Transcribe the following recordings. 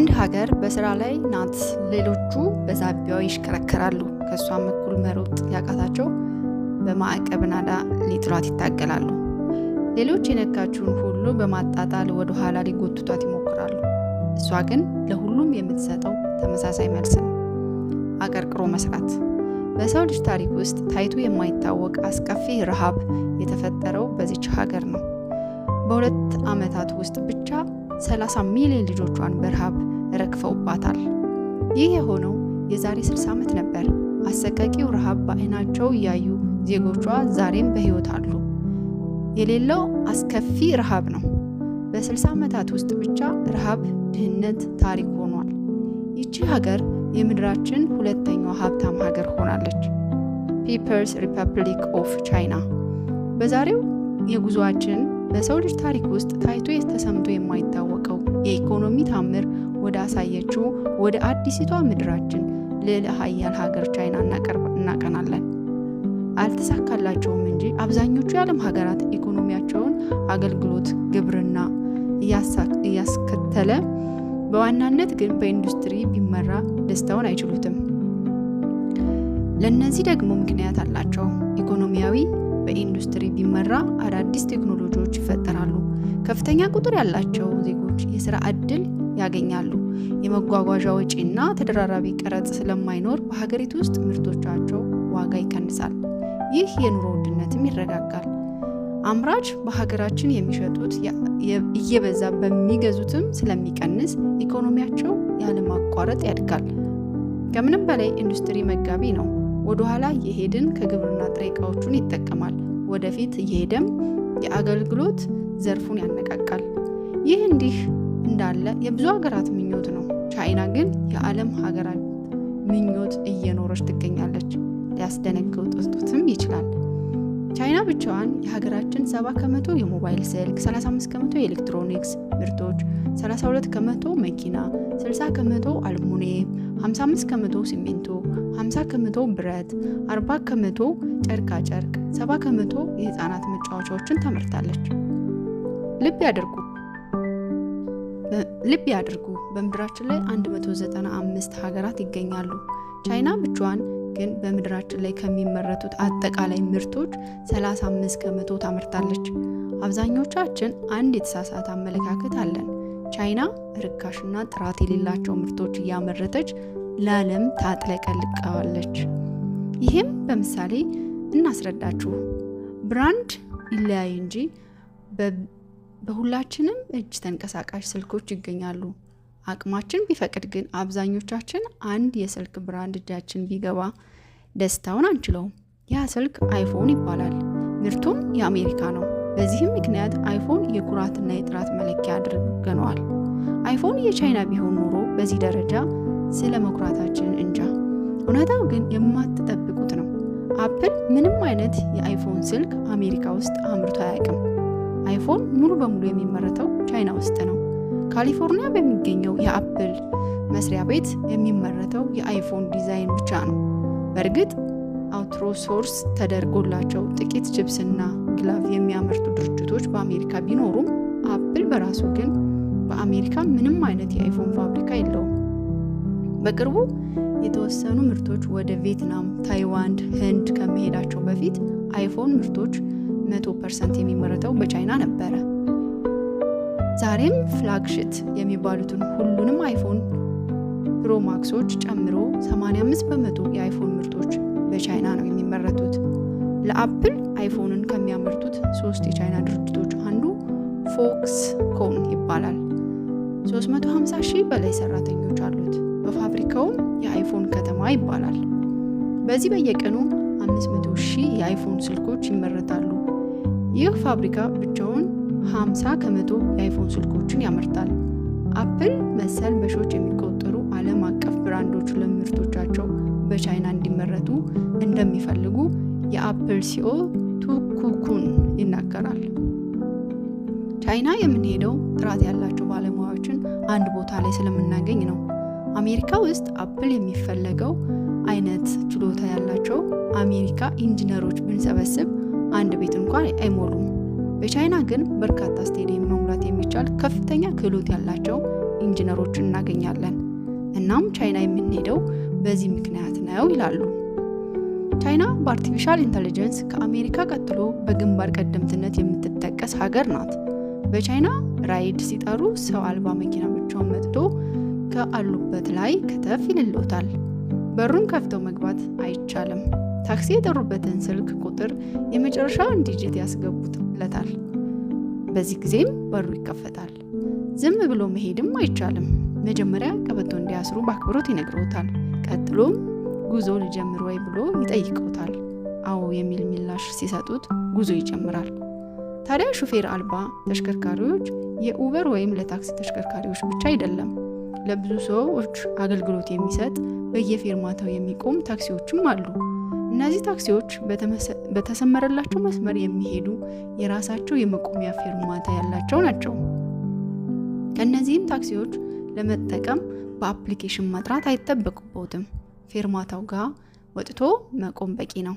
አንድ ሀገር በስራ ላይ ናት፣ ሌሎቹ በዛቢያው ይሽከረከራሉ። ከእሷም እኩል መሮጥ ያቃታቸው በማዕቀብ ናዳ ሊጥሏት ይታገላሉ። ሌሎች የነካችውን ሁሉ በማጣጣል ወደ ኋላ ሊጎትቷት ይሞክራሉ። እሷ ግን ለሁሉም የምትሰጠው ተመሳሳይ መልስ ነው፣ አቀርቅሮ መስራት። በሰው ልጅ ታሪክ ውስጥ ታይቶ የማይታወቅ አስከፊ ረሃብ የተፈጠረው በዚች ሀገር ነው። በሁለት ዓመታት ውስጥ ብቻ 30 ሚሊዮን ልጆቿን በረሃብ ረግፈውባታል። ይህ የሆነው የዛሬ 60 ዓመት ነበር። አሰቃቂው ረሃብ በአይናቸው እያዩ ዜጎቿ ዛሬም በሕይወት አሉ። የሌለው አስከፊ ረሃብ ነው። በ60 ዓመታት ውስጥ ብቻ ረሃብ፣ ድህነት ታሪክ ሆኗል። ይቺ ሀገር የምድራችን ሁለተኛው ሀብታም ሀገር ሆናለች። ፒፐርስ ሪፐብሊክ ኦፍ ቻይና። በዛሬው የጉዞአችን በሰው ልጅ ታሪክ ውስጥ ታይቶ ተሰምቶ የማይታወቀው የኢኮኖሚ ታምር ወደ አሳየችው ወደ አዲሲቷ ምድራችን ልዕለ ሀያል ሀገር ቻይና እናቀናለን። አልተሳካላቸውም እንጂ አብዛኞቹ የዓለም ሀገራት ኢኮኖሚያቸውን አገልግሎት፣ ግብርና እያስከተለ በዋናነት ግን በኢንዱስትሪ ቢመራ ደስታውን አይችሉትም። ለእነዚህ ደግሞ ምክንያት አላቸው። ኢኮኖሚያዊ በኢንዱስትሪ ቢመራ አዳዲስ ቴክኖሎጂዎች ይፈጠራሉ። ከፍተኛ ቁጥር ያላቸው ዜጎች የስራ ዕድል ያገኛሉ። የመጓጓዣ ወጪና ተደራራቢ ቀረጥ ስለማይኖር በሀገሪቱ ውስጥ ምርቶቻቸው ዋጋ ይቀንሳል። ይህ የኑሮ ውድነትም ይረጋጋል። አምራች በሀገራችን የሚሸጡት እየበዛ በሚገዙትም ስለሚቀንስ ኢኮኖሚያቸው ያለማቋረጥ ያድጋል። ከምንም በላይ ኢንዱስትሪ መጋቢ ነው። ወደኋላ እየሄድን ከግብርና ጥሬ እቃዎቹን ይጠቀማል። ወደፊት እየሄደም የአገልግሎት ዘርፉን ያነቃቃል። ይህ እንዲህ እንዳለ የብዙ ሀገራት ምኞት ነው። ቻይና ግን የዓለም ሀገራት ምኞት እየኖረች ትገኛለች። ሊያስደነግጡትም ይችላል። ቻይና ብቻዋን የሀገራችን 70 ከመቶ የሞባይል ስልክ፣ 35 ከመቶ የኤሌክትሮኒክስ ምርቶች፣ 32 ከመቶ መኪና፣ 60 ከመቶ አልሙኒየም፣ 55 ከመቶ ሲሚንቶ፣ 50 ከመቶ ብረት፣ 40 ከመቶ ጨርቃ ጨርቅ፣ 70 ከመቶ የህፃናት መጫወቻዎችን ታመርታለች። ልብ ያደርጉ ልብ ያድርጉ፣ በምድራችን ላይ 195 ሀገራት ይገኛሉ። ቻይና ብቻዋን ግን በምድራችን ላይ ከሚመረቱት አጠቃላይ ምርቶች 35 ከመቶ ታመርታለች። አብዛኞቻችን አንድ የተሳሳተ አመለካከት አለን። ቻይና ርካሽና ጥራት የሌላቸው ምርቶች እያመረተች ለዓለም ታጥለቀልቀዋለች። ይህም በምሳሌ እናስረዳችሁ። ብራንድ ይለያይ እንጂ በሁላችንም እጅ ተንቀሳቃሽ ስልኮች ይገኛሉ። አቅማችን ቢፈቅድ ግን አብዛኞቻችን አንድ የስልክ ብራንድ እጃችን ቢገባ ደስታውን አንችለውም። ያ ስልክ አይፎን ይባላል። ምርቱም የአሜሪካ ነው። በዚህም ምክንያት አይፎን የኩራትና የጥራት መለኪያ አድርገነዋል። አይፎን የቻይና ቢሆን ኖሮ በዚህ ደረጃ ስለ መኩራታችን እንጃ። እውነታው ግን የማትጠብቁት ነው። አፕል ምንም አይነት የአይፎን ስልክ አሜሪካ ውስጥ አምርቶ አያውቅም። አይፎን ሙሉ በሙሉ የሚመረተው ቻይና ውስጥ ነው። ካሊፎርኒያ በሚገኘው የአፕል መስሪያ ቤት የሚመረተው የአይፎን ዲዛይን ብቻ ነው። በእርግጥ አውትሮሶርስ ተደርጎላቸው ጥቂት ችፕስና ግላቭ የሚያመርቱ ድርጅቶች በአሜሪካ ቢኖሩም አፕል በራሱ ግን በአሜሪካ ምንም አይነት የአይፎን ፋብሪካ የለውም። በቅርቡ የተወሰኑ ምርቶች ወደ ቪየትናም፣ ታይዋንድ፣ ህንድ ከመሄዳቸው በፊት አይፎን ምርቶች መቶ ፐርሰንት የሚመረተው በቻይና ነበረ። ዛሬም ፍላግሽት የሚባሉትን ሁሉንም አይፎን ፕሮ ማክሶች ጨምሮ 85 በመቶ የአይፎን ምርቶች በቻይና ነው የሚመረቱት። ለአፕል አይፎንን ከሚያመርቱት ሶስት የቻይና ድርጅቶች አንዱ ፎክስ ኮን ይባላል። 350 ሺህ በላይ ሰራተኞች አሉት። በፋብሪካውም የአይፎን ከተማ ይባላል። በዚህ በየቀኑ 500 ሺህ የአይፎን ስልኮች ይመረታሉ። ይህ ፋብሪካ ብቻውን 50 ከመቶ የአይፎን ስልኮችን ያመርታል። አፕል መሰል በሺዎች የሚቆጠሩ ዓለም አቀፍ ብራንዶች ለምርቶቻቸው በቻይና እንዲመረቱ እንደሚፈልጉ የአፕል ሲኦ ቱኩኩን ይናገራል። ቻይና የምንሄደው ጥራት ያላቸው ባለሙያዎችን አንድ ቦታ ላይ ስለምናገኝ ነው። አሜሪካ ውስጥ አፕል የሚፈለገው አይነት ችሎታ ያላቸው አሜሪካ ኢንጂነሮች ብንሰበስብ አንድ ቤት እንኳን አይሞሉም። በቻይና ግን በርካታ ስቴዲየም መሙላት የሚቻል ከፍተኛ ክህሎት ያላቸው ኢንጂነሮችን እናገኛለን። እናም ቻይና የምንሄደው በዚህ ምክንያት ነው ይላሉ። ቻይና በአርቲፊሻል ኢንተለጀንስ ከአሜሪካ ቀጥሎ በግንባር ቀደምትነት የምትጠቀስ ሀገር ናት። በቻይና ራይድ ሲጠሩ ሰው አልባ መኪና ብቻውን መጥቶ ከአሉበት ላይ ከተፍ ይልሎታል። በሩን ከፍተው መግባት አይቻልም። ታክሲ የጠሩበትን ስልክ ቁጥር የመጨረሻውን ዲጂት ያስገቡለታል። በዚህ ጊዜም በሩ ይከፈታል። ዝም ብሎ መሄድም አይቻልም። መጀመሪያ ቀበቶ እንዲያስሩ በአክብሮት ይነግሮታል። ቀጥሎም ጉዞ ልጀምር ወይ ብሎ ይጠይቀውታል። አዎ የሚል ምላሽ ሲሰጡት ጉዞ ይጀምራል። ታዲያ ሹፌር አልባ ተሽከርካሪዎች የኡበር ወይም ለታክሲ ተሽከርካሪዎች ብቻ አይደለም። ለብዙ ሰዎች አገልግሎት የሚሰጥ በየፌርማታው የሚቆም ታክሲዎችም አሉ። እነዚህ ታክሲዎች በተሰመረላቸው መስመር የሚሄዱ የራሳቸው የመቆሚያ ፌርማታ ያላቸው ናቸው። ከእነዚህም ታክሲዎች ለመጠቀም በአፕሊኬሽን መጥራት አይጠበቅቦትም። ፌርማታው ጋር ወጥቶ መቆም በቂ ነው።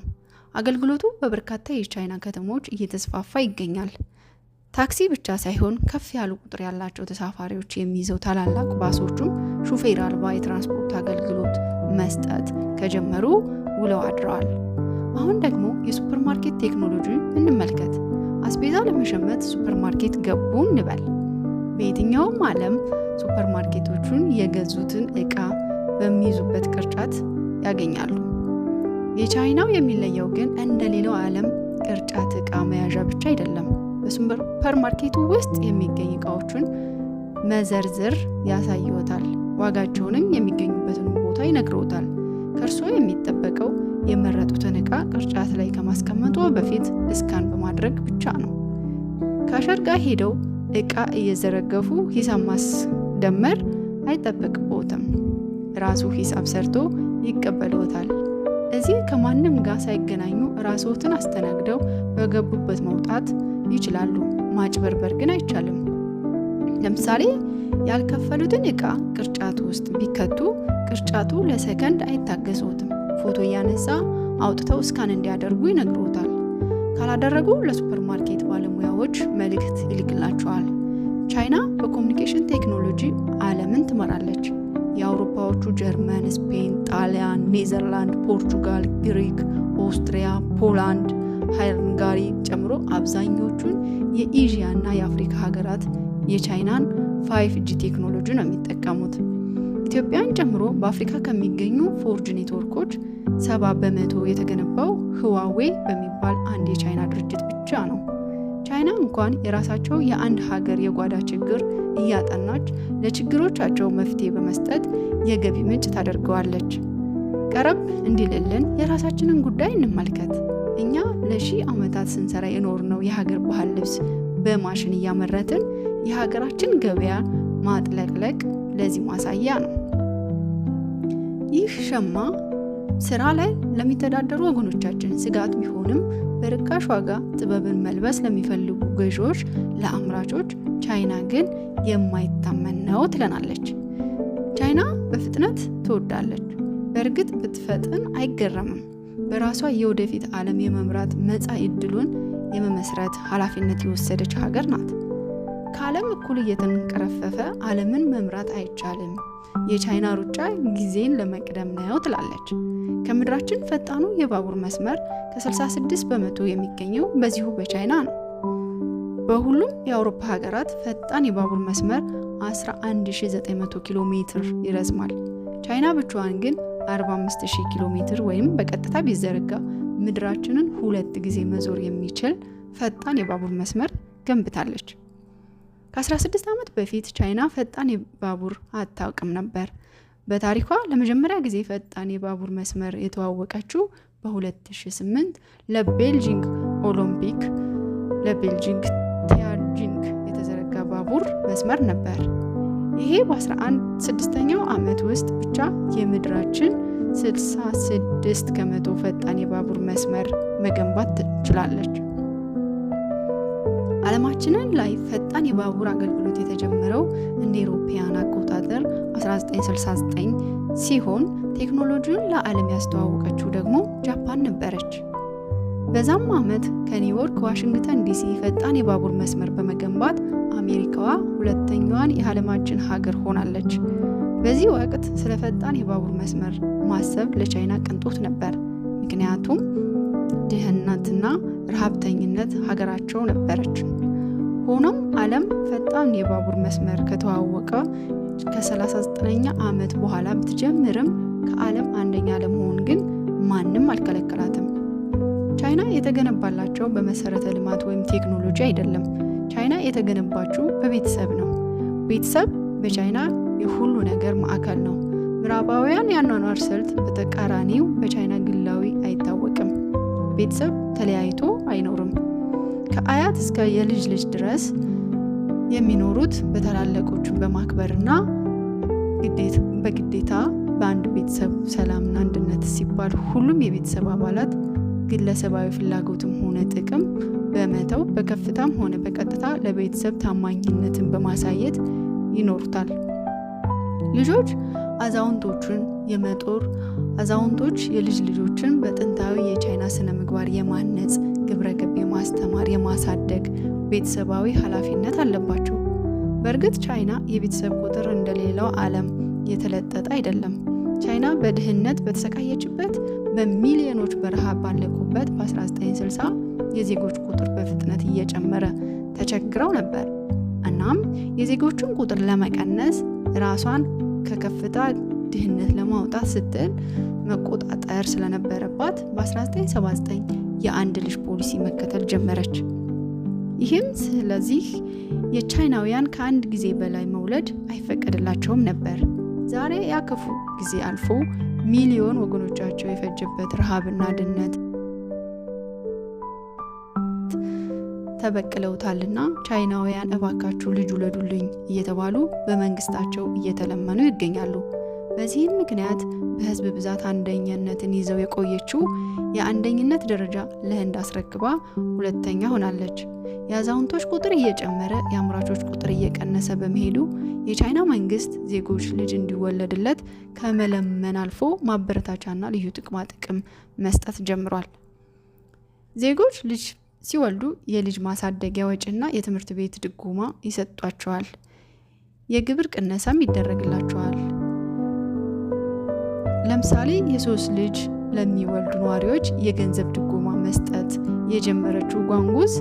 አገልግሎቱ በበርካታ የቻይና ከተሞች እየተስፋፋ ይገኛል። ታክሲ ብቻ ሳይሆን ከፍ ያሉ ቁጥር ያላቸው ተሳፋሪዎች የሚይዘው ታላላቅ ባሶቹም ሹፌር አልባ የትራንስፖርት አገልግሎት መስጠት ከጀመሩ ውለው አድረዋል። አሁን ደግሞ የሱፐርማርኬት ቴክኖሎጂ እንመልከት። አስቤዛ ለመሸመት ሱፐርማርኬት ገቡ እንበል። በየትኛውም ዓለም ሱፐርማርኬቶቹን የገዙትን እቃ በሚይዙበት ቅርጫት ያገኛሉ። የቻይናው የሚለየው ግን እንደ ሌላው ዓለም ቅርጫት እቃ መያዣ ብቻ አይደለም። በሱፐርማርኬቱ ውስጥ የሚገኝ እቃዎችን መዘርዝር ያሳይዎታል። ዋጋቸውንም የሚገኙበትን ቦታ ይነግረዎታል። ከእርስዎ የሚጠበቀው የመረጡትን ዕቃ ቅርጫት ላይ ከማስቀመጡ በፊት እስካን በማድረግ ብቻ ነው። ከአሸር ጋር ሄደው ዕቃ እየዘረገፉ ሂሳብ ማስደመር አይጠበቅብዎትም። ራሱ ሂሳብ ሰርቶ ይቀበልዎታል። እዚህ ከማንም ጋር ሳይገናኙ ራስዎትን አስተናግደው በገቡበት መውጣት ይችላሉ። ማጭበርበር ግን አይቻልም። ለምሳሌ ያልከፈሉትን ዕቃ ቅርጫቱ ውስጥ ቢከቱ ቅርጫቱ ለሰከንድ አይታገሱትም። ፎቶ እያነሳ አውጥተው እስካን እንዲያደርጉ ይነግሮታል። ካላደረጉ ለሱፐር ማርኬት ባለሙያዎች መልእክት ይልክላቸዋል። ቻይና በኮሚኒኬሽን ቴክኖሎጂ ዓለምን ትመራለች። የአውሮፓዎቹ ጀርመን፣ ስፔን፣ ጣሊያን፣ ኔዘርላንድ፣ ፖርቹጋል፣ ግሪክ፣ ኦስትሪያ፣ ፖላንድ፣ ሃንጋሪ ጨምሮ አብዛኞቹን የኤዥያ እና የአፍሪካ ሀገራት የቻይናን ፋይፍ ጂ ቴክኖሎጂ ነው የሚጠቀሙት። ኢትዮጵያን ጨምሮ በአፍሪካ ከሚገኙ ፎርጅ ኔትወርኮች ሰባ በመቶ የተገነባው ህዋዌ በሚባል አንድ የቻይና ድርጅት ብቻ ነው። ቻይና እንኳን የራሳቸው የአንድ ሀገር የጓዳ ችግር እያጠናች ለችግሮቻቸው መፍትሄ በመስጠት የገቢ ምንጭ ታደርገዋለች። ቀረብ እንዲልልን የራሳችንን ጉዳይ እንመልከት። እኛ ለሺህ ዓመታት ስንሰራ የኖርነው የሀገር ባህል ልብስ በማሽን እያመረትን የሀገራችን ገበያ ማጥለቅለቅ ለዚህ ማሳያ ነው። ይህ ሸማ ስራ ላይ ለሚተዳደሩ ወገኖቻችን ስጋት ቢሆንም በርካሽ ዋጋ ጥበብን መልበስ ለሚፈልጉ ገዢዎች፣ ለአምራቾች ቻይና ግን የማይታመን ነው ትለናለች። ቻይና በፍጥነት ትወዳለች። በእርግጥ ብትፈጥን አይገረምም። በራሷ የወደፊት ዓለም የመምራት መጻኢ ዕድሉን የመመስረት ኃላፊነት የወሰደች ሀገር ናት። ከዓለም እኩል እየተንቀረፈፈ ዓለምን መምራት አይቻልም፣ የቻይና ሩጫ ጊዜን ለመቅደም ነው ትላለች። ከምድራችን ፈጣኑ የባቡር መስመር ከ66 በመቶ የሚገኘው በዚሁ በቻይና ነው። በሁሉም የአውሮፓ ሀገራት ፈጣን የባቡር መስመር 11900 ኪሎ ሜትር ይረዝማል። ቻይና ብቻዋን ግን 45000 ኪሎ ሜትር ወይም በቀጥታ ቢዘረጋ ምድራችንን ሁለት ጊዜ መዞር የሚችል ፈጣን የባቡር መስመር ገንብታለች። ከ16 ዓመት በፊት ቻይና ፈጣን የባቡር አታውቅም ነበር። በታሪኳ ለመጀመሪያ ጊዜ ፈጣን የባቡር መስመር የተዋወቀችው በ2008 ለቤልጂንግ ኦሎምፒክ ለቤልጂንግ ቲያንጂንግ የተዘረጋ ባቡር መስመር ነበር። ይሄ በ11 ስድስተኛው ዓመት ውስጥ ብቻ የምድራችን 66 ከመቶ ፈጣን የባቡር መስመር መገንባት ትችላለች። ዓለማችንን ላይ ፈጣን የባቡር አገልግሎት የተጀመረው እንደ ኤሮፓያን አቆጣጠር 1969 ሲሆን ቴክኖሎጂውን ለዓለም ያስተዋወቀችው ደግሞ ጃፓን ነበረች። በዛም ዓመት ከኒውዮርክ ዋሽንግተን ዲሲ ፈጣን የባቡር መስመር በመገንባት አሜሪካዋ ሁለተኛዋን የዓለማችን ሀገር ሆናለች። በዚህ ወቅት ስለ ፈጣን የባቡር መስመር ማሰብ ለቻይና ቅንጦት ነበር። ምክንያቱም ድህነትና ረሃብተኝነት ሀገራቸው ነበረች። ሆኖም ዓለም ፈጣን የባቡር መስመር ከተዋወቀ ከ39ኛ ዓመት በኋላ ብትጀምርም ከዓለም አንደኛ ለመሆን ግን ማንም አልከለከላትም። ቻይና የተገነባላቸው በመሰረተ ልማት ወይም ቴክኖሎጂ አይደለም። ቻይና የተገነባችው በቤተሰብ ነው። ቤተሰብ በቻይና የሁሉ ነገር ማዕከል ነው። ምዕራባውያን የአኗኗር ስልት በተቃራኒው በቻይና ግላዊ አይታወቅም። ቤተሰብ ተለያይቶ አይኖርም። ከአያት እስከ የልጅ ልጅ ድረስ የሚኖሩት በታላለቆቹን በማክበርና በግዴታ በአንድ ቤተሰብ ሰላምና አንድነት ሲባል ሁሉም የቤተሰብ አባላት ግለሰባዊ ፍላጎትም ሆነ ጥቅም በመተው በከፍታም ሆነ በቀጥታ ለቤተሰብ ታማኝነትን በማሳየት ይኖሩታል። ልጆች አዛውንቶችን የመጦር አዛውንቶች የልጅ ልጆችን በጥንታዊ የቻይና ስነ ምግባር የማነጽ ግብረገብ የማስተማር የማሳደግ ቤተሰባዊ ኃላፊነት አለባቸው። በእርግጥ ቻይና የቤተሰብ ቁጥር እንደሌላው ዓለም የተለጠጠ አይደለም። ቻይና በድህነት በተሰቃየችበት በሚሊዮኖች በረሃብ ባለቁበት በ1960 የዜጎች ቁጥር በፍጥነት እየጨመረ ተቸግረው ነበር። እናም የዜጎቹን ቁጥር ለመቀነስ ራሷን ከከፍታ ድህነት ለማውጣት ስትል መቆጣጠር ስለነበረባት በ1979 የአንድ ልጅ ፖሊሲ መከተል ጀመረች። ይህም ስለዚህ የቻይናውያን ከአንድ ጊዜ በላይ መውለድ አይፈቀድላቸውም ነበር። ዛሬ ያ ክፉ ጊዜ አልፎ ሚሊዮን ወገኖቻቸው የፈጀበት ረሃብና ድህነት ተበቅለውታልና ቻይናውያን እባካችሁ ልጅ ውለዱልኝ እየተባሉ በመንግስታቸው እየተለመኑ ይገኛሉ። በዚህም ምክንያት በህዝብ ብዛት አንደኝነትን ይዘው የቆየችው የአንደኝነት ደረጃ ለህንድ አስረክባ ሁለተኛ ሆናለች። የአዛውንቶች ቁጥር እየጨመረ የአምራቾች ቁጥር እየቀነሰ በመሄዱ የቻይና መንግስት ዜጎች ልጅ እንዲወለድለት ከመለመን አልፎ ማበረታቻና ልዩ ጥቅማ ጥቅም መስጠት ጀምሯል። ዜጎች ልጅ ሲወልዱ የልጅ ማሳደጊያ ወጪና የትምህርት ቤት ድጎማ ይሰጧቸዋል። የግብር ቅነሳም ይደረግላቸዋል። ለምሳሌ የሶስት ልጅ ለሚወልዱ ነዋሪዎች የገንዘብ ድጎማ መስጠት የጀመረችው ጓንጉዝ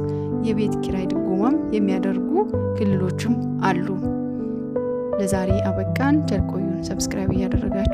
የቤት ኪራይ ድጎማም የሚያደርጉ ክልሎችም አሉ። ለዛሬ አበቃን። ቸር ቆዩን። ሰብስክራይብ እያደረጋችሁ